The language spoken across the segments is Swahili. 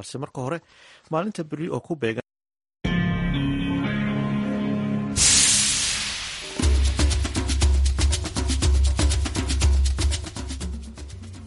balse marka hore maalinta beri oo ku beegan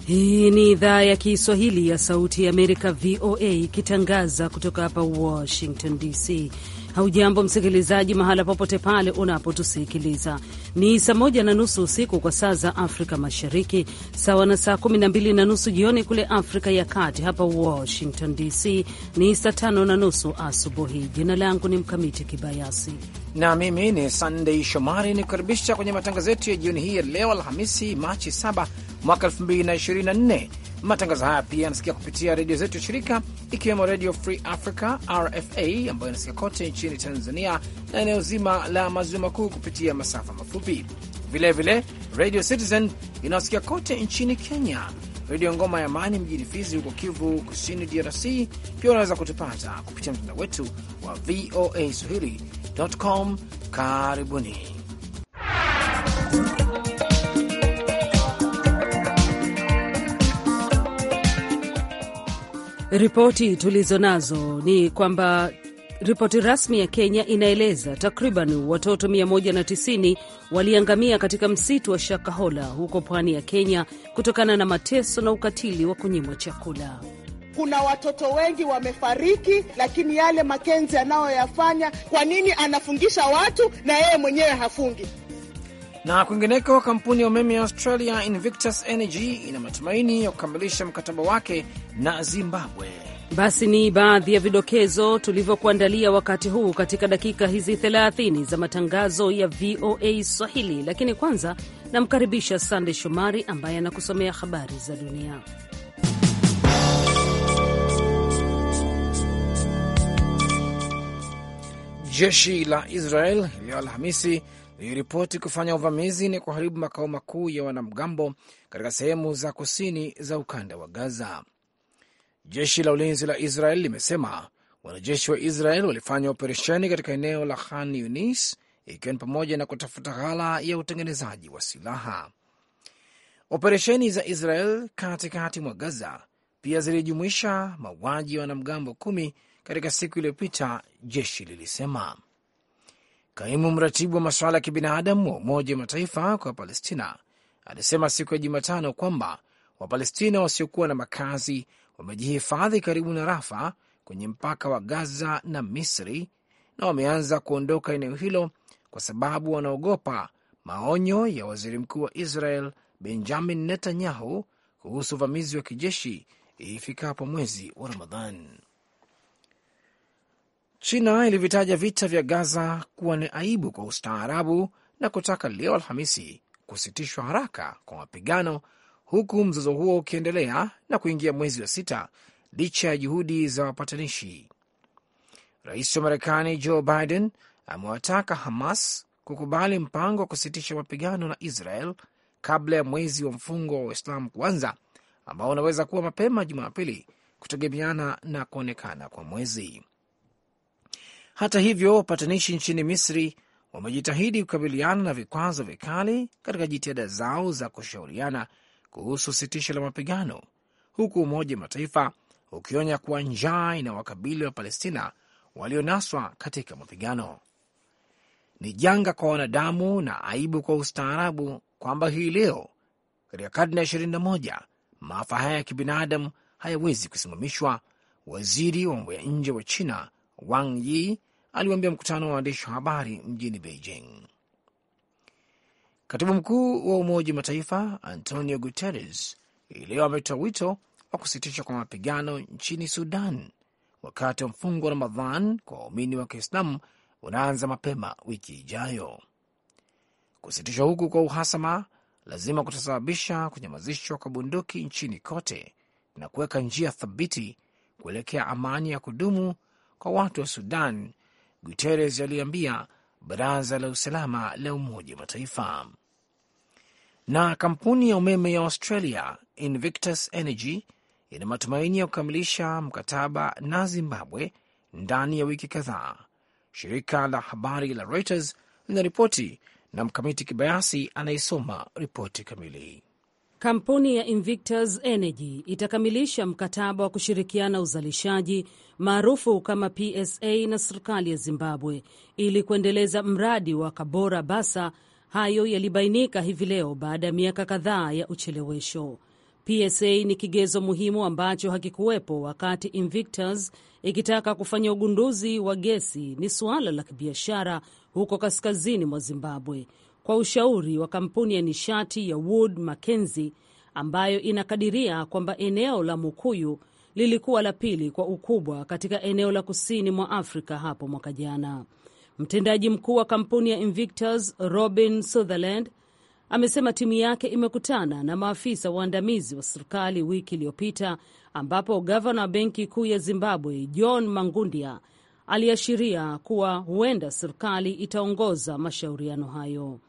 Hii ni idhaa ya Kiswahili ya Sauti ya Amerika, VOA, ikitangaza kutoka hapa Washington DC. Haujambo msikilizaji, mahala popote pale unapotusikiliza. Ni saa moja na nusu usiku kwa saa za Afrika Mashariki, sawa na saa kumi na mbili na nusu jioni kule Afrika ya Kati. Hapa Washington DC ni saa tano na nusu asubuhi. Jina langu ni Mkamiti Kibayasi na mimi ni Sandei Shomari, ni kukaribisha kwenye matangazo yetu ya jioni hii ya leo Alhamisi, Machi 7 mwaka 2024 Matangazo haya pia yanasikia kupitia redio zetu shirika, ikiwemo Redio Free Africa RFA ambayo inasikia kote nchini Tanzania na eneo zima la maziwa makuu kupitia masafa mafupi, vilevile Radio Citizen inayosikia kote nchini Kenya, Redio Ngoma ya Amani mjini Fizi huko Kivu Kusini, DRC. Pia unaweza kutupata kupitia mtandao wetu wa VOA Swahili.com. Karibuni. Ripoti tulizo nazo ni kwamba ripoti rasmi ya Kenya inaeleza takriban watoto 190 waliangamia katika msitu wa Shakahola huko pwani ya Kenya kutokana na mateso na ukatili wa kunyimwa chakula. Kuna watoto wengi wamefariki, lakini yale Makenzi anayoyafanya, kwa nini anafungisha watu na yeye mwenyewe hafungi? Na kwingineko, kampuni ya umeme ya Australia Invictus Energy ina matumaini ya kukamilisha mkataba wake na Zimbabwe. Basi ni baadhi ya vidokezo tulivyokuandalia wakati huu katika dakika hizi 30 za matangazo ya VOA Swahili, lakini kwanza namkaribisha Sande Shomari ambaye anakusomea habari za dunia. Jeshi la Israel leo Alhamisi iliripoti kufanya uvamizi na kuharibu makao makuu ya wanamgambo katika sehemu za kusini za ukanda wa Gaza. Jeshi la ulinzi la Israel limesema wanajeshi wa Israel walifanya operesheni katika eneo la Khan Yunis, ikiwa ni pamoja na kutafuta ghala ya utengenezaji wa silaha. Operesheni za Israel katikati mwa Gaza pia zilijumuisha mauaji ya wanamgambo kumi katika siku iliyopita, jeshi lilisema. Kaimu mratibu wa masuala ya kibinadamu wa Umoja wa Mataifa kwa Palestina alisema siku ya Jumatano kwamba Wapalestina wasiokuwa na makazi wamejihifadhi karibu na Rafa kwenye mpaka wa Gaza na Misri na wameanza kuondoka eneo hilo kwa sababu wanaogopa maonyo ya waziri mkuu wa Israel Benjamin Netanyahu kuhusu uvamizi wa kijeshi ifikapo mwezi wa Ramadhan. China ilivitaja vita vya Gaza kuwa ni aibu kwa ustaarabu na kutaka leo Alhamisi kusitishwa haraka kwa mapigano, huku mzozo huo ukiendelea na kuingia mwezi wa sita licha ya juhudi za wapatanishi. Rais wa Marekani Joe Biden amewataka Hamas kukubali mpango wa kusitisha mapigano na Israel kabla ya mwezi wa mfungo wa Waislamu kuanza ambao unaweza kuwa mapema Jumapili, kutegemeana na kuonekana kwa mwezi. Hata hivyo, wapatanishi nchini Misri wamejitahidi kukabiliana na vikwazo vikali katika jitihada zao za kushauriana kuhusu sitisho la mapigano, huku Umoja wa Mataifa ukionya kuwa njaa inawakabili wa Palestina walionaswa katika mapigano. Ni janga kwa wanadamu na aibu kwa ustaarabu kwamba hii leo katika karne ya moja maafa haya ya kibinadamu hayawezi kusimamishwa, waziri wa mambo ya nje wa China Wang Yi aliwaambia mkutano wa waandishi wa habari mjini Beijing. Katibu mkuu wa Umoja wa Mataifa Antonio Guterres leo ametoa wito wa kusitishwa kwa mapigano nchini Sudan wakati wa mfungo wa Ramadhan kwa waumini wa Kiislamu unaanza mapema wiki ijayo. Kusitishwa huku kwa uhasama lazima kutasababisha kunyamazishwa kwa bunduki nchini kote na kuweka njia thabiti kuelekea amani ya kudumu kwa watu wa Sudan, Guterres aliambia baraza la usalama la Umoja wa Mataifa. Na kampuni ya umeme ya Australia Invictus Energy ina matumaini ya kukamilisha mkataba na Zimbabwe ndani ya wiki kadhaa, shirika la habari la Reuters linaripoti, na Mkamiti Kibayasi anayesoma ripoti kamili. Kampuni ya Invictus Energy itakamilisha mkataba wa kushirikiana uzalishaji maarufu kama PSA na serikali ya Zimbabwe ili kuendeleza mradi wa Kabora Basa. Hayo yalibainika hivi leo baada ya miaka kadhaa ya uchelewesho. PSA ni kigezo muhimu ambacho hakikuwepo wakati Invictus ikitaka kufanya ugunduzi wa gesi. Ni suala la kibiashara huko kaskazini mwa Zimbabwe, kwa ushauri wa kampuni ya nishati ya Wood Mackenzie ambayo inakadiria kwamba eneo la Mukuyu lilikuwa la pili kwa ukubwa katika eneo la kusini mwa Afrika hapo mwaka jana. Mtendaji mkuu wa kampuni ya Invictus Robin Sutherland amesema timu yake imekutana na maafisa waandamizi wa serikali wiki iliyopita, ambapo gavana wa benki kuu ya Zimbabwe John Mangundia aliashiria kuwa huenda serikali itaongoza mashauriano hayo.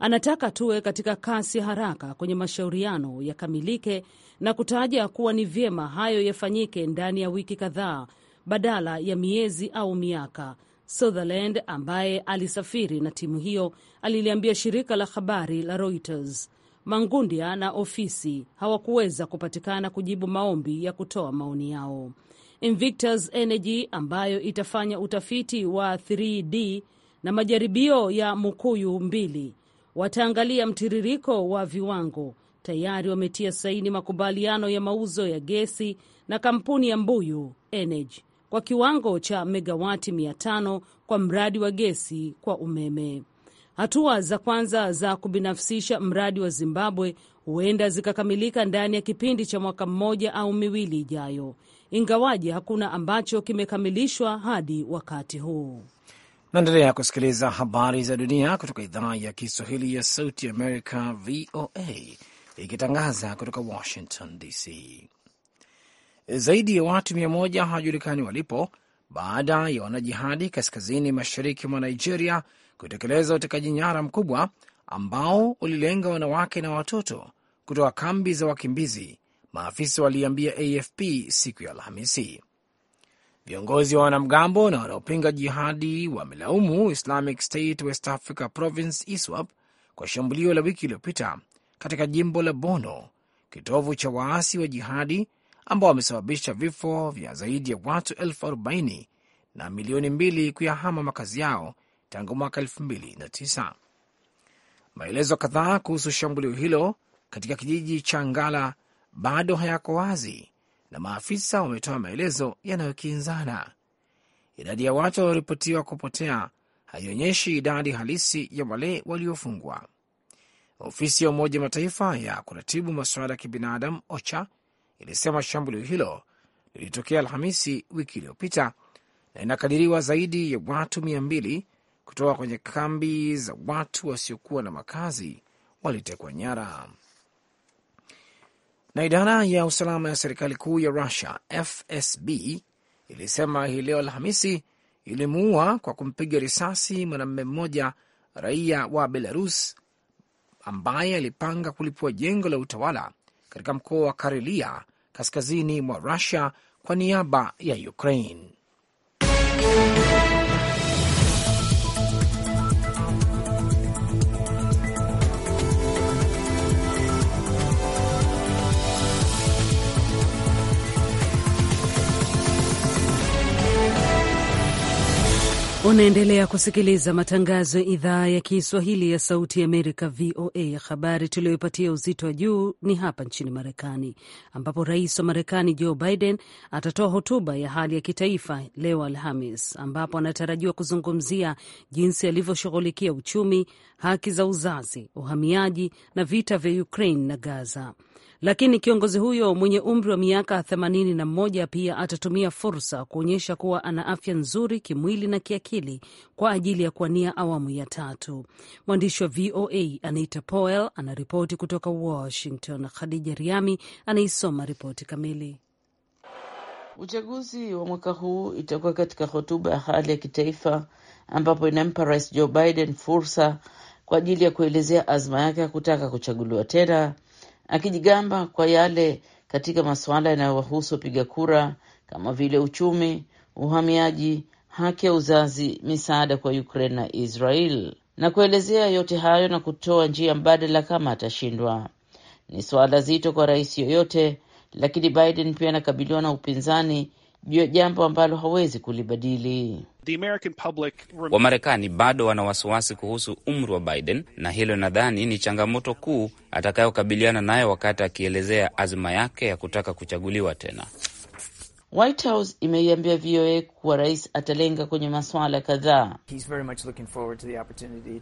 Anataka tuwe katika kasi haraka kwenye mashauriano yakamilike, na kutaja kuwa ni vyema hayo yafanyike ndani ya wiki kadhaa badala ya miezi au miaka. Sutherland ambaye alisafiri na timu hiyo aliliambia shirika la habari la Reuters Mangundia na ofisi hawakuweza kupatikana kujibu maombi ya kutoa maoni yao. Invictus Energy ambayo itafanya utafiti wa 3D na majaribio ya Mukuyu mbili wataangalia mtiririko wa viwango. Tayari wametia saini makubaliano ya mauzo ya gesi na kampuni ya Mbuyu Energy kwa kiwango cha megawati 500 kwa mradi wa gesi kwa umeme. Hatua za kwanza za kubinafsisha mradi wa Zimbabwe huenda zikakamilika ndani ya kipindi cha mwaka mmoja au miwili ijayo, ingawaje hakuna ambacho kimekamilishwa hadi wakati huu. Naendelea kusikiliza habari za dunia kutoka idhaa ya Kiswahili ya Sauti Amerika, VOA, ikitangaza kutoka Washington DC. Zaidi ya watu mia moja hawajulikani walipo baada ya wanajihadi kaskazini mashariki mwa Nigeria kutekeleza utekaji nyara mkubwa ambao ulilenga wanawake na watoto kutoka kambi za wakimbizi, maafisa waliambia AFP siku ya Alhamisi. Viongozi wa wanamgambo na wanaopinga jihadi wamelaumu Islamic State West Africa Province ISWAP kwa shambulio la wiki iliyopita katika jimbo la Bono, kitovu cha waasi wa jihadi ambao wamesababisha vifo vya zaidi ya watu elfu arobaini na milioni mbili kuyahama makazi yao tangu mwaka 29 Maelezo kadhaa kuhusu shambulio hilo katika kijiji cha Ngala bado hayako wazi, na maafisa wametoa maelezo yanayokinzana. Idadi ya watu walioripotiwa kupotea haionyeshi idadi halisi ya wale waliofungwa. Ofisi ya Umoja Mataifa ya kuratibu masuala ya kibinadamu OCHA ilisema shambulio hilo lilitokea Alhamisi wiki iliyopita na inakadiriwa zaidi ya watu mia mbili kutoka kwenye kambi za watu wasiokuwa na makazi walitekwa nyara. Na idara ya usalama ya serikali kuu ya rusia FSB ilisema hii leo Alhamisi ilimuua kwa kumpiga risasi mwanamume mmoja raia wa Belarus ambaye alipanga kulipua jengo la utawala katika mkoa wa Karelia kaskazini mwa Russia kwa niaba ya Ukraine. Unaendelea kusikiliza matangazo ya idhaa ya Kiswahili ya Sauti ya Amerika, VOA. Habari tuliyoipatia uzito wa juu ni hapa nchini Marekani, ambapo rais wa Marekani Joe Biden atatoa hotuba ya hali ya kitaifa leo Alhamis, ambapo anatarajiwa kuzungumzia jinsi alivyoshughulikia uchumi, haki za uzazi, uhamiaji na vita vya Ukraine na Gaza lakini kiongozi huyo mwenye umri wa miaka 81 pia atatumia fursa kuonyesha kuwa ana afya nzuri kimwili na kiakili kwa ajili ya kuwania awamu ya tatu. Mwandishi wa VOA Anita Powell anaripoti kutoka Washington. Khadija Riami anaisoma ripoti kamili. Uchaguzi wa mwaka huu itakuwa katika hotuba ya hali ya kitaifa ambapo inampa Rais Joe Biden fursa kwa ajili ya kuelezea azma yake ya kutaka kuchaguliwa tena akijigamba kwa yale katika masuala yanayowahusu wapiga kura kama vile uchumi, uhamiaji, haki ya uzazi, misaada kwa Ukraine na Israel, na kuelezea yote hayo na kutoa njia mbadala kama atashindwa. Ni suala zito kwa rais yoyote, lakini Biden pia anakabiliwa na upinzani juu ya jambo ambalo hawezi kulibadili. Wamarekani bado wana wasiwasi kuhusu umri wa Biden, na hilo nadhani ni changamoto kuu atakayokabiliana nayo wakati akielezea azma yake ya kutaka kuchaguliwa tena. White House imeiambia VOA kuwa rais atalenga kwenye masuala kadhaa.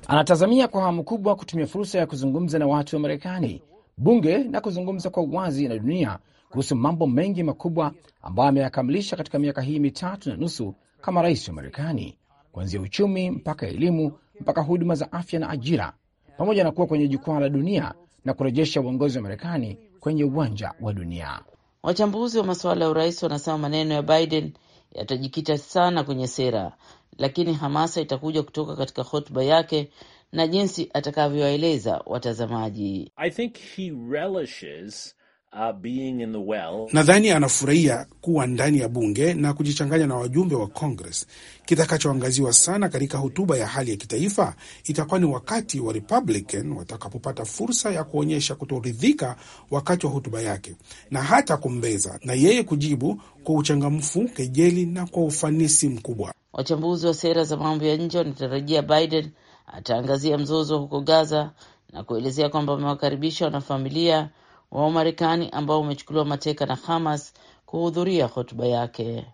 Anatazamia kwa hamu kubwa kutumia fursa ya kuzungumza na watu wa Marekani, bunge na kuzungumza kwa uwazi na dunia kuhusu mambo mengi makubwa ambayo ameyakamilisha katika miaka hii mitatu na nusu kama rais wa Marekani, kuanzia uchumi mpaka elimu mpaka huduma za afya na ajira, pamoja na kuwa kwenye jukwaa la dunia na kurejesha uongozi wa Marekani kwenye uwanja wa dunia. Wachambuzi wa masuala ya urais wanasema maneno ya Biden yatajikita sana kwenye sera, lakini hamasa itakuja kutoka katika hotuba yake na jinsi atakavyowaeleza watazamaji. I think he relishes Uh, well. Nadhani anafurahia kuwa ndani ya bunge na kujichanganya na wajumbe wa Congress. Kitakachoangaziwa sana katika hotuba ya hali ya kitaifa itakuwa ni wakati wa Republican watakapopata fursa ya kuonyesha kutoridhika wakati wa hotuba yake na hata kumbeza na yeye kujibu kwa uchangamfu, kejeli na kwa ufanisi mkubwa. Wachambuzi wa sera za mambo ya nje wanatarajia Biden ataangazia mzozo huko Gaza na kuelezea kwamba amewakaribisha wanafamilia wa Marekani ambao wamechukuliwa mateka na Hamas kuhudhuria hotuba yake.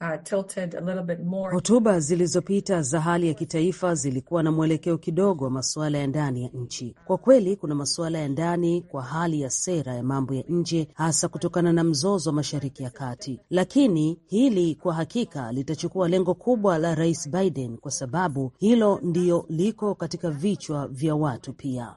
Uh, hotuba uh, zilizopita za hali ya kitaifa zilikuwa na mwelekeo kidogo wa masuala ya ndani ya nchi. Kwa kweli, kuna masuala ya ndani kwa hali ya sera ya mambo ya nje, hasa kutokana na mzozo wa Mashariki ya Kati, lakini hili kwa hakika litachukua lengo kubwa la Rais Biden kwa sababu hilo ndiyo liko katika vichwa vya watu. Pia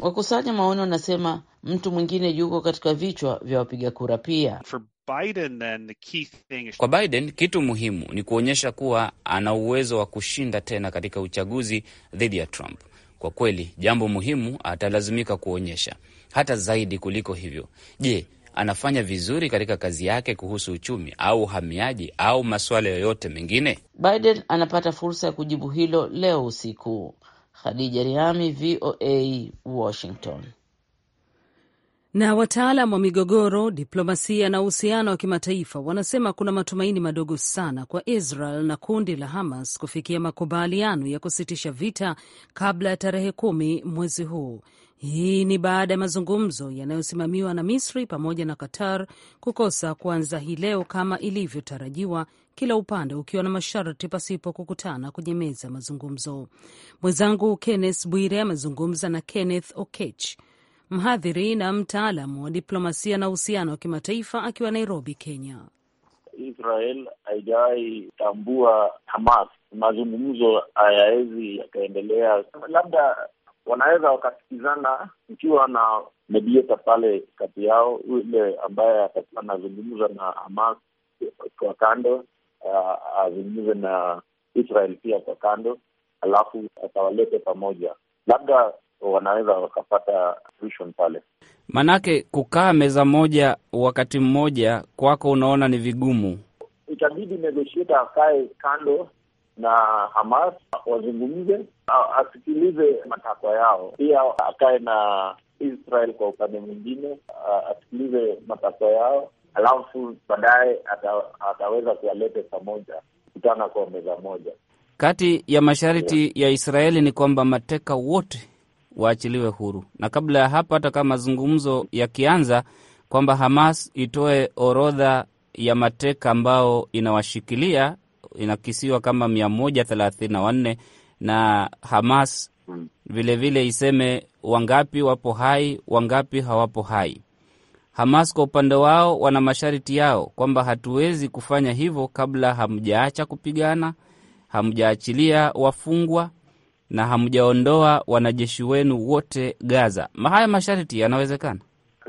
wakusanya maoni wanasema Mtu mwingine yuko katika vichwa vya wapiga kura pia. For Biden, then, the key thing is... kwa Biden kitu muhimu ni kuonyesha kuwa ana uwezo wa kushinda tena katika uchaguzi dhidi ya Trump. Kwa kweli jambo muhimu atalazimika kuonyesha hata zaidi kuliko hivyo. Je, anafanya vizuri katika kazi yake kuhusu uchumi au uhamiaji au masuala yoyote mengine? Biden anapata fursa ya kujibu hilo leo usiku. Khadija Riami, VOA, Washington. Na wataalam wa migogoro, diplomasia na uhusiano wa kimataifa wanasema kuna matumaini madogo sana kwa Israel na kundi la Hamas kufikia makubaliano ya kusitisha vita kabla ya tarehe kumi mwezi huu. Hii ni baada ya mazungumzo yanayosimamiwa na Misri pamoja na Qatar kukosa kuanza hii leo kama ilivyotarajiwa, kila upande ukiwa na masharti pasipo kukutana kwenye meza ya mazungumzo. Mwenzangu Kenneth Bwire amezungumza na Kenneth Okech, mhadhiri na mtaalamu wa diplomasia na uhusiano wa kimataifa akiwa Nairobi, Kenya. Israel haijawai tambua Hamas, mazungumzo hayawezi yakaendelea. Labda wanaweza wakasikizana ikiwa na medieta pale kati yao, yule ambaye atakuwa anazungumza na Hamas kwa kando azungumze na Israel pia kwa kando, alafu atawalete pamoja. Labda wanaweza wakapata solution pale. Manake kukaa meza moja wakati mmoja kwako unaona ni vigumu, itabidi negotiator akae kando na Hamas wazungumze, asikilize matakwa yao, pia akae na Israel kwa upande mwingine, asikilize matakwa yao, alafu baadaye ata, ataweza kuwalete pamoja kukutana kwa meza moja. Kati ya masharti yeah, ya Israeli ni kwamba mateka wote waachiliwe huru, na kabla ya hapo, hata kama mazungumzo yakianza, kwamba Hamas itoe orodha ya mateka ambao inawashikilia, inakisiwa kama mia moja thelathini na wanne na Hamas vilevile hmm. vile iseme wangapi wapo hai, wangapi hawapo hai. Hamas kwa upande wao wana masharti yao kwamba hatuwezi kufanya hivyo kabla hamjaacha kupigana, hamjaachilia wafungwa na hamjaondoa wanajeshi wenu wote Gaza, haya masharti yanawezekana?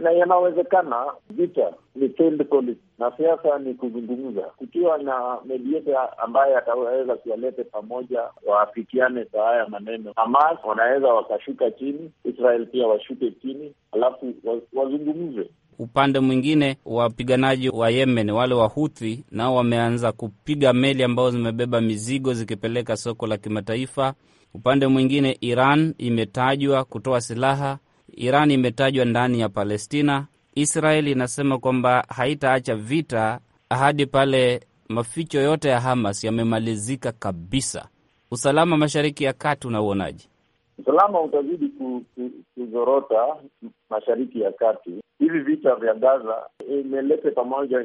na yanawezekana. Vita ni field policy na siasa ni kuzungumza. Kukiwa na mediator ambaye ataweza kuwalete pamoja, waafikiane kwa haya maneno, Hamas wanaweza wakashuka chini, Israel pia washuke chini, alafu wazungumze. Upande mwingine, wapiganaji wa Yemen wale Wahuthi nao wameanza kupiga meli ambazo zimebeba mizigo zikipeleka soko la kimataifa. Upande mwingine, Iran imetajwa kutoa silaha, Iran imetajwa ndani ya Palestina. Israel inasema kwamba haitaacha vita hadi pale maficho yote ya Hamas yamemalizika kabisa. Usalama mashariki ya kati unauonaje? Usalama utazidi kuzorota mashariki ya kati. Hivi vita vya Gaza imeleta pamoja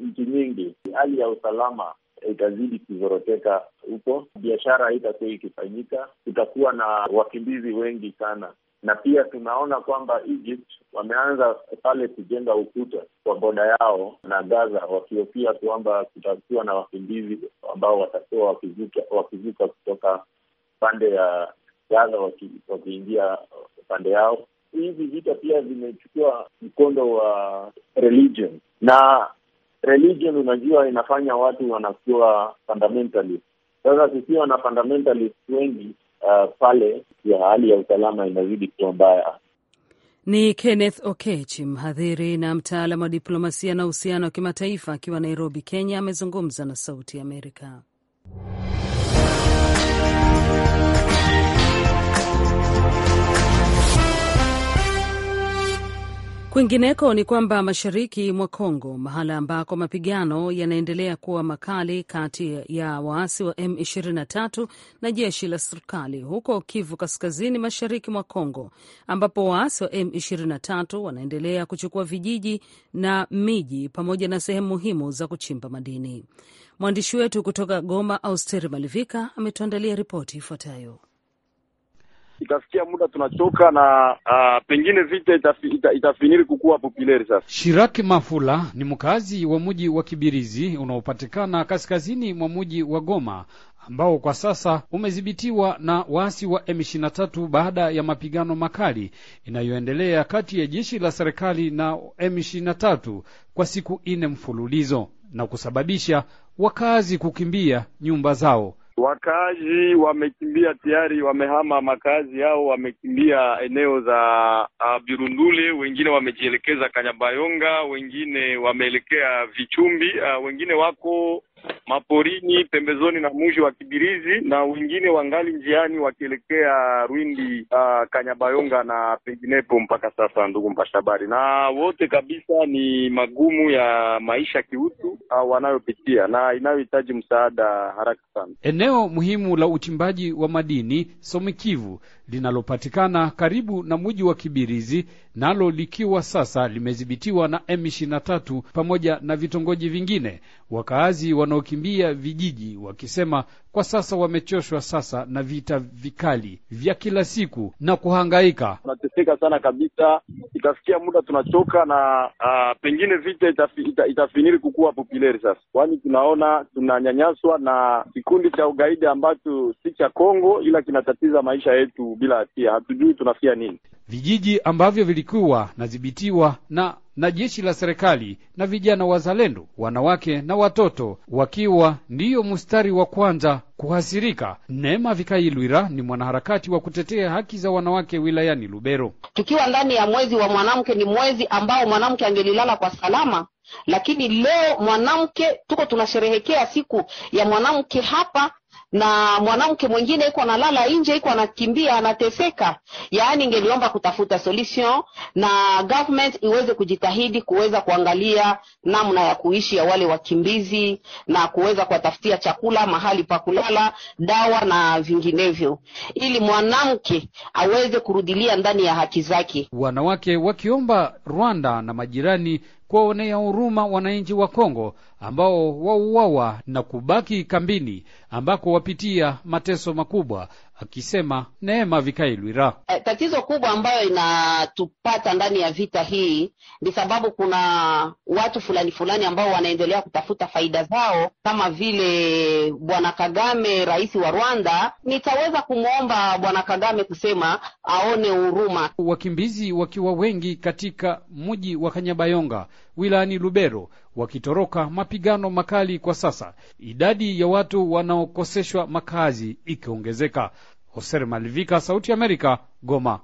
nchi nyingi, hali ya usalama itazidi kuzoroteka huko, biashara haitakuwa ikifanyika, kutakuwa na wakimbizi wengi sana na pia tunaona kwamba Egypt wameanza pale kujenga ukuta kwa boda yao na Gaza, wakihofia kwamba kutakuwa na wakimbizi ambao watakuwa wakivuka kutoka pande ya Gaza wakiingia pande yao. Hivi vita pia vimechukua mkondo wa religion na religion unajua inafanya watu wanakuwa fundamentalist. Sasa kukiwa na fundamentalist wengi uh, pale ya hali ya usalama inazidi kuwa mbaya. Ni Kenneth Okechi, mhadhiri na mtaalamu wa diplomasia na uhusiano wa kimataifa, akiwa Nairobi, Kenya, amezungumza na Sauti ya Amerika. Kwingineko ni kwamba mashariki mwa Kongo, mahala ambako mapigano yanaendelea kuwa makali kati ya waasi wa M23 na jeshi la serikali huko Kivu Kaskazini, mashariki mwa Kongo, ambapo waasi wa M23 wanaendelea kuchukua vijiji na miji pamoja na sehemu muhimu za kuchimba madini. Mwandishi wetu kutoka Goma, Austeri Malivika, ametuandalia ripoti ifuatayo itafikia muda tunachoka na uh, pengine vita itafi, ita, itafiniri kukuwa populeri. Sasa Shiraki Mafula ni mkazi wa mji wa Kibirizi unaopatikana kaskazini mwa mji wa Goma ambao kwa sasa umedhibitiwa na waasi wa M23 baada ya mapigano makali inayoendelea kati ya jeshi la serikali na M23 kwa siku nne mfululizo na kusababisha wakazi kukimbia nyumba zao. Wakaaji wamekimbia tayari, wamehama makazi yao, wamekimbia eneo za uh, Birundule, wengine wamejielekeza Kanyabayonga, wengine wameelekea Vichumbi, uh, wengine wako maporini pembezoni na mji wa Kibirizi na wengine wangali njiani wakielekea Rwindi, uh, ah, Kanyabayonga na penginepo mpaka sasa, ndugu mpashabari na wote kabisa ni magumu ya maisha kiutu uh, wanayopitia na inayohitaji msaada haraka sana. Eneo muhimu la uchimbaji wa madini Somikivu linalopatikana karibu na mji wa Kibirizi nalo likiwa sasa limedhibitiwa na M23 pamoja na vitongoji vingine, wakaazi wana wanaokimbia vijiji wakisema kwa sasa wamechoshwa sasa na vita vikali vya kila siku na kuhangaika. Tunateseka sana kabisa, itafikia muda tunachoka na uh, pengine vita itafi, ita, itafiniri kukuwa populeri sasa, kwani tunaona tunanyanyaswa na kikundi cha ugaidi ambacho si cha Kongo, ila kinatatiza maisha yetu bila hatia. Hatujui tunafia nini vijiji ambavyo vilikuwa nadhibitiwa na na jeshi la serikali na vijana wazalendo, wanawake na watoto wakiwa ndiyo mstari wa kwanza kuhasirika. Neema Vikailwira ni mwanaharakati wa kutetea haki za wanawake wilayani Lubero. Tukiwa ndani ya mwezi wa mwanamke, ni mwezi ambao mwanamke angelilala kwa salama, lakini leo mwanamke tuko tunasherehekea siku ya mwanamke hapa na mwanamke mwingine iko analala nje, iko anakimbia, anateseka. Yaani ingeliomba kutafuta solution na government iweze kujitahidi kuweza kuangalia namna ya kuishi ya wale wakimbizi na kuweza kuwatafutia chakula, mahali pa kulala, dawa na vinginevyo, ili mwanamke aweze kurudilia ndani ya haki zake. Wanawake wakiomba Rwanda na majirani kuwaonea huruma wananchi wa Kongo ambao wauawa na kubaki kambini ambako wapitia mateso makubwa, akisema Neema Vikailwira. E, tatizo kubwa ambayo inatupata ndani ya vita hii ni sababu kuna watu fulani fulani ambao wanaendelea kutafuta faida zao, kama vile Bwana Kagame, rais wa Rwanda. Nitaweza kumwomba Bwana Kagame kusema aone huruma. Wakimbizi wakiwa wengi katika mji wa Kanyabayonga wilayani Lubero wakitoroka mapigano makali kwa sasa, idadi ya watu wanaokoseshwa makazi ikiongezeka. Hoser Malivika, Sauti ya Amerika, Goma.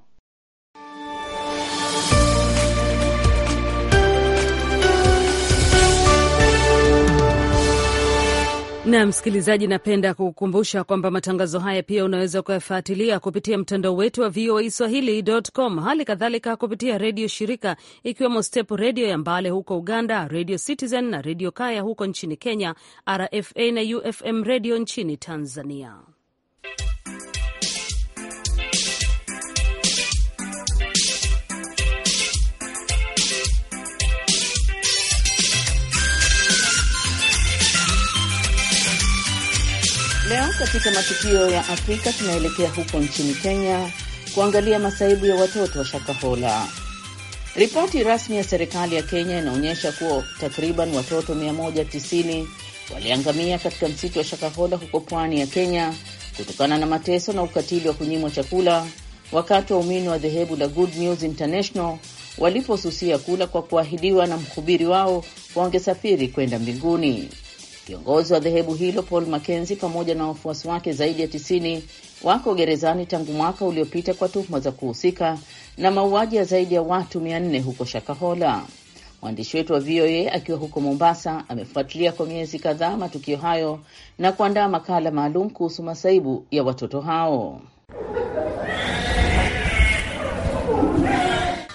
Na msikilizaji, napenda kukukumbusha kwamba matangazo haya pia unaweza kuyafuatilia kupitia mtandao wetu wa VOA Swahili.com, hali kadhalika kupitia redio shirika ikiwemo Step Redio ya Mbale huko Uganda, Redio Citizen na Redio Kaya huko nchini Kenya, RFA na UFM Redio nchini Tanzania. Leo katika matukio ya Afrika tunaelekea huko nchini Kenya kuangalia masaibu ya watoto wa Shakahola. Ripoti rasmi ya serikali ya Kenya inaonyesha kuwa takriban watoto 190 waliangamia katika msitu wa Shakahola huko pwani ya Kenya kutokana na mateso na ukatili wa kunyimwa chakula wakati waumini wa dhehebu la Good News International waliposusia kula kwa kuahidiwa na mhubiri wao wangesafiri kwenda mbinguni. Kiongozi wa dhehebu hilo Paul Mackenzie pamoja na wafuasi wake zaidi ya tisini wako gerezani tangu mwaka uliopita kwa tuhuma za kuhusika na mauaji ya zaidi ya watu mia nne huko Shakahola. Mwandishi wetu wa VOA akiwa huko Mombasa amefuatilia kwa miezi kadhaa matukio hayo na kuandaa makala maalum kuhusu masaibu ya watoto hao.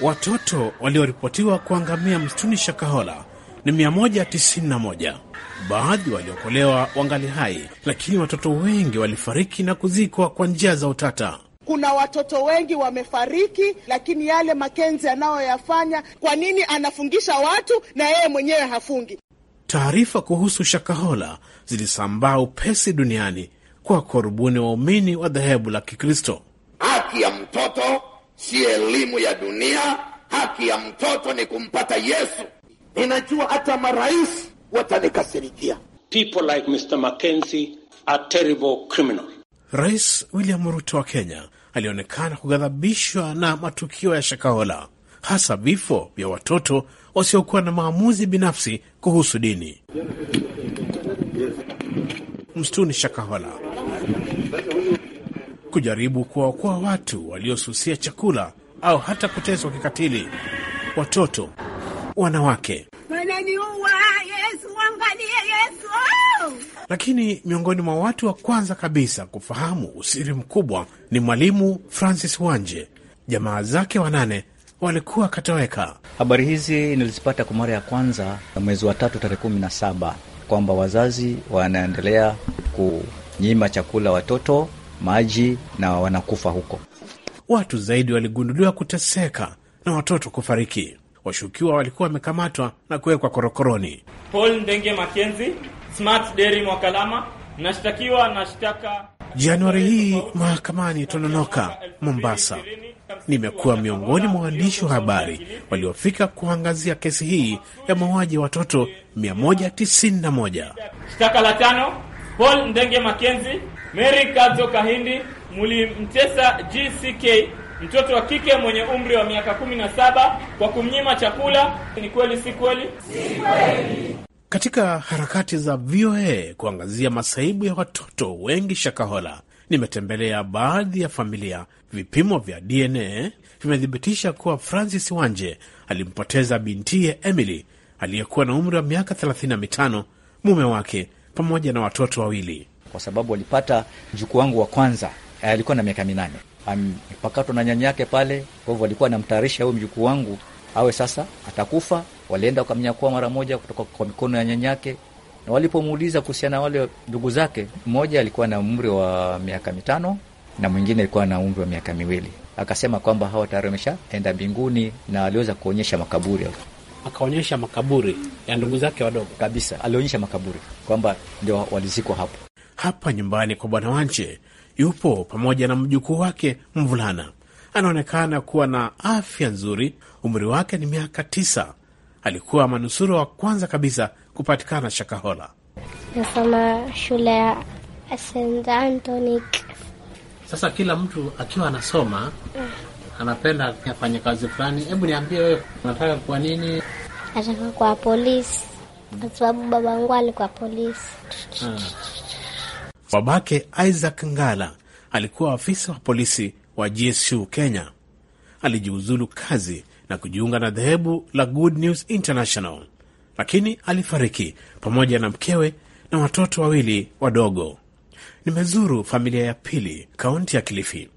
Watoto walioripotiwa kuangamia msituni Shakahola ni 191. Baadhi waliokolewa wangali hai, lakini watoto wengi walifariki na kuzikwa kwa njia za utata. Kuna watoto wengi wamefariki, lakini yale Makenzi anayoyafanya, kwa nini anafungisha watu na yeye mwenyewe hafungi? Taarifa kuhusu Shakahola zilisambaa upesi duniani kwa korubuni waumini wa dhehebu la Kikristo. Haki ya mtoto si elimu ya dunia, haki ya mtoto ni kumpata Yesu ninajua hata marais watanikasirikia. People like Mr. are terrible criminal. Rais William Ruto wa Kenya alionekana kughadhabishwa na matukio ya Shakahola, hasa vifo vya watoto wasiokuwa na maamuzi binafsi kuhusu dini Mstuni Shakahola, kujaribu kuwaokoa watu waliosusia chakula au hata kuteswa kikatili watoto wanawake. Wananiua Yesu, angalie Yesu. Lakini miongoni mwa watu wa kwanza kabisa kufahamu usiri mkubwa ni Mwalimu Francis Wanje. Jamaa zake wanane walikuwa katoweka. Habari hizi nilizipata kwa mara ya kwanza mwezi wa tatu tarehe kumi na saba kwamba wazazi wanaendelea kunyima chakula watoto, maji na wanakufa huko. Watu zaidi waligunduliwa kuteseka na watoto kufariki washukiwa walikuwa wamekamatwa na kuwekwa korokoroni. Paul Ndenge Makenzi, Smart Deri Mwakalama, nashtakiwa nashtaka. Januari hii mahakamani Tononoka, Mombasa. Nimekuwa miongoni mwa waandishi wa habari waliofika kuangazia kesi hii ya mauaji ya watoto 191. Shtaka la tano, Paul Ndenge Makenzi, Mary Kazo Kahindi, mulimtesa GCK mtoto wa kike mwenye umri wa miaka kumi na saba kwa kumnyima chakula. Ni kweli si kweli? Si kweli. Katika harakati za VOA kuangazia masaibu ya watoto wengi Shakahola, nimetembelea baadhi ya familia. Vipimo vya DNA vimethibitisha kuwa Francis Wanje alimpoteza bintiye Emily aliyekuwa na umri wa miaka 35, mume wake pamoja na watoto wawili, kwa sababu alipata mjukuu wangu wa kwanza eh, alikuwa na miaka minane amepakatwa na nyanya yake pale. Kwa hivyo walikuwa anamtayarisha huyo mjukuu wangu awe sasa atakufa. Walienda wakamnyakua mara moja kutoka kwa mikono ya nyanya yake, na walipomuuliza kuhusiana na wale ndugu zake, mmoja alikuwa na umri wa miaka mitano na mwingine alikuwa na umri wa miaka miwili. Akasema kwamba hawa tayari wameshaenda mbinguni, na aliweza kuonyesha makaburi akaonyesha makaburi ya ndugu zake wadogo kabisa. Alionyesha makaburi kwamba ndio walizikwa hapo. Hapa nyumbani kwa Bwana Wanche yupo pamoja na mjukuu wake mvulana. Anaonekana kuwa na afya nzuri, umri wake ni miaka tisa. Alikuwa manusura wa kwanza kabisa kupatikana Shakahola. Nasoma shule ya St Sasa kila mtu akiwa anasoma mm. anapenda afanye kazi fulani. Hebu niambie wewe, unataka kuwa nini? Nataka kuwa polisi, kwa sababu babangu alikuwa polisi. Mm. Babake Isaac Ngala alikuwa afisa wa polisi wa GSU Kenya. Alijiuzulu kazi na kujiunga na dhehebu la Good News International, lakini alifariki pamoja na mkewe na watoto wawili wadogo. Nimezuru familia ya pili kaunti ya Kilifi.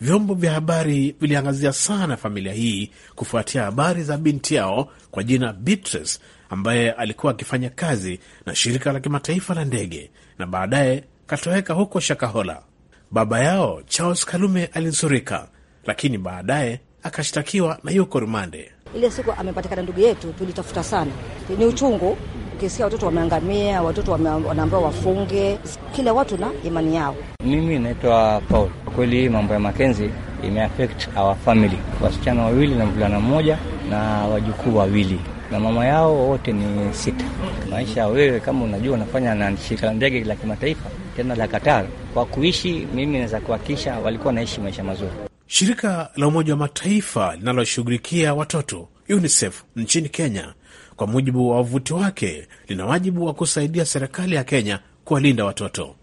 Vyombo vya habari viliangazia sana familia hii kufuatia habari za binti yao kwa jina Beatrice ambaye alikuwa akifanya kazi na shirika la kimataifa la ndege na baadaye katoweka huko Shakahola. Baba yao Charles Kalume alinusurika, lakini baadaye akashtakiwa na yuko rumande. Ile siku amepatikana ndugu yetu, tulitafuta sana, ni uchungu ukisikia watoto wameangamia, watoto wanaambiwa wafunge, kila watu na imani yao. Mimi naitwa Paul. Kweli hii mambo ya Makenzi imeaffect our family, wasichana wawili na mvulana mmoja na wajukuu wawili na mama yao wote ni sita. Maisha wewe, kama unajua unafanya na shirika la ndege la kimataifa, tena la Qatar kwa kuishi, mimi naweza kuhakikisha walikuwa wanaishi maisha mazuri. Shirika la Umoja wa Mataifa linaloshughulikia watoto UNICEF nchini Kenya, kwa mujibu wa wavuti wake, lina wajibu wa kusaidia serikali ya Kenya kuwalinda watoto.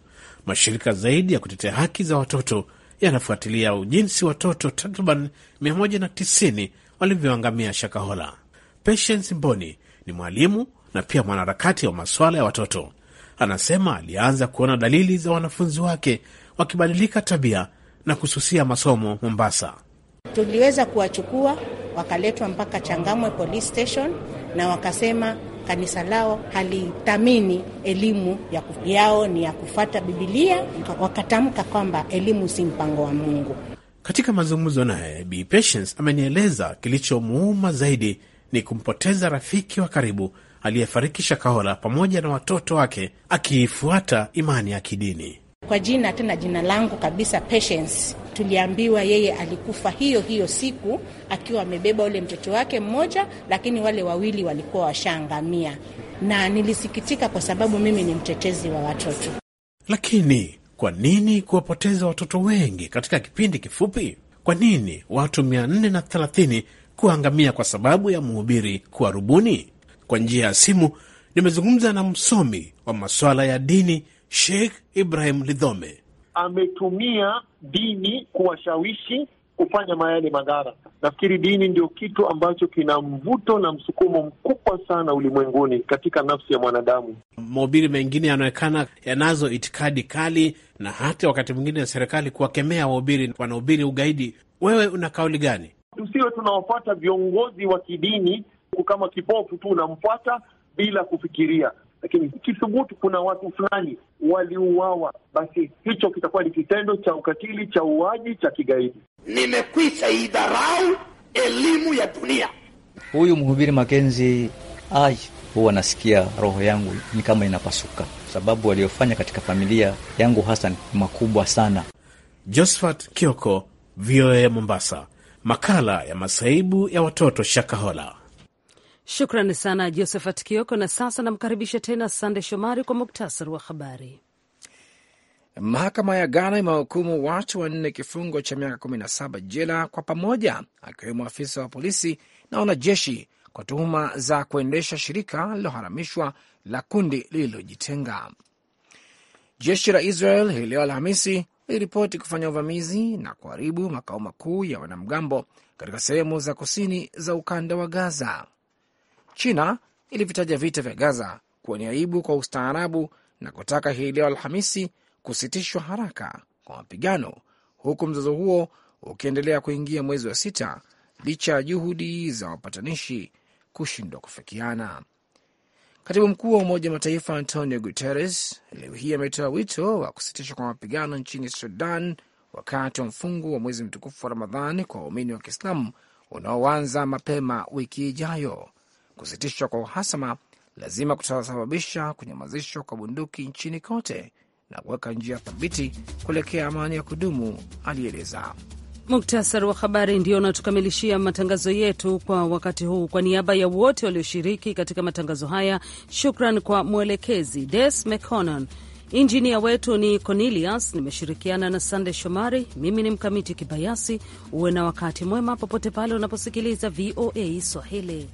Mashirika zaidi ya kutetea haki za watoto yanafuatilia jinsi watoto takriban 190 walivyoangamia Shakahola. Patience Mboni ni mwalimu na pia mwanaharakati wa masuala ya watoto. Anasema alianza kuona dalili za wanafunzi wake wakibadilika tabia na kususia masomo Mombasa. Tuliweza kuwachukua wakaletwa mpaka Changamwe police station, na wakasema kanisa lao halithamini elimu yao, ni ya kufata Bibilia. Wakatamka kwamba elimu si mpango wa Mungu. Katika mazungumzo naye, Bi Patience amenieleza kilichomuuma zaidi ni kumpoteza rafiki wa karibu aliyefariki Shakahola pamoja na watoto wake, akiifuata imani ya kidini. Kwa jina tena jina langu kabisa Patience, tuliambiwa yeye alikufa hiyo hiyo siku akiwa amebeba ule mtoto wake mmoja, lakini wale wawili walikuwa washaangamia, na nilisikitika kwa sababu mimi ni mtetezi wa watoto. Lakini kwa nini kuwapoteza watoto wengi katika kipindi kifupi? Kwa nini watu 430 kuangamia kwa sababu ya mhubiri kuwa rubuni? Kwa njia ya simu nimezungumza na msomi wa masuala ya dini Sheikh Ibrahim Lidhome. Ametumia dini kuwashawishi kufanya mayale madhara. Nafikiri dini ndio kitu ambacho kina mvuto na msukumo mkubwa sana ulimwenguni katika nafsi ya mwanadamu. Mahubiri mengine yanaonekana yanazo itikadi kali na hata wakati mwingine serikali kuwakemea wahubiri wanaubiri ugaidi. Wewe una kauli gani? Tusiwe tunawafuata viongozi wa kidini tu kama kipofu tu unamfuata bila kufikiria. Lakini kithubutu kuna watu fulani waliuawa, basi hicho kitakuwa ni kitendo cha ukatili, cha uaji, cha kigaidi. Nimekwisha idharau elimu ya dunia. Huyu mhubiri Makenzi ai, huwa nasikia roho yangu ni kama inapasuka, sababu waliofanya katika familia yangu hasan ni makubwa sana. Josephat Kioko, VOA Mombasa. Makala ya masaibu ya watoto Shakahola. Shukrani sana Josephat Kioko. Na sasa namkaribisha tena Sande Shomari kwa muktasari wa habari. Mahakama ya Ghana imewahukumu watu wanne kifungo cha miaka 17 jela kwa pamoja, akiwemo afisa wa polisi na wanajeshi kwa tuhuma za kuendesha shirika lililoharamishwa la kundi lililojitenga. Jeshi la Israel hii leo Alhamisi liliripoti kufanya uvamizi na kuharibu makao makuu ya wanamgambo katika sehemu za kusini za ukanda wa Gaza. China ilivitaja vita vya Gaza kuwa ni aibu kwa ustaarabu na kutaka hii leo Alhamisi kusitishwa haraka kwa mapigano, huku mzozo huo ukiendelea kuingia mwezi wa sita licha ya juhudi za wapatanishi kushindwa kufikiana. Katibu mkuu wa Umoja wa Mataifa Antonio Guterres leo hii ametoa wito wa kusitishwa kwa mapigano nchini Sudan wakati wa mfungo wa mwezi mtukufu wa Ramadhani kwa waumini wa Kiislamu unaoanza mapema wiki ijayo. Kusitishwa kwa uhasama lazima kutasababisha kunyamazishwa kwa bunduki nchini kote na kuweka njia thabiti kuelekea amani ya kudumu, alieleza. Muktasari wa habari ndio unatukamilishia matangazo yetu kwa wakati huu. Kwa niaba ya wote walioshiriki katika matangazo haya, shukran kwa mwelekezi Des Mconon. Injinia wetu ni Cornelius, nimeshirikiana na Sande Shomari. Mimi ni Mkamiti Kibayasi. Uwe na wakati mwema popote pale unaposikiliza VOA Swahili.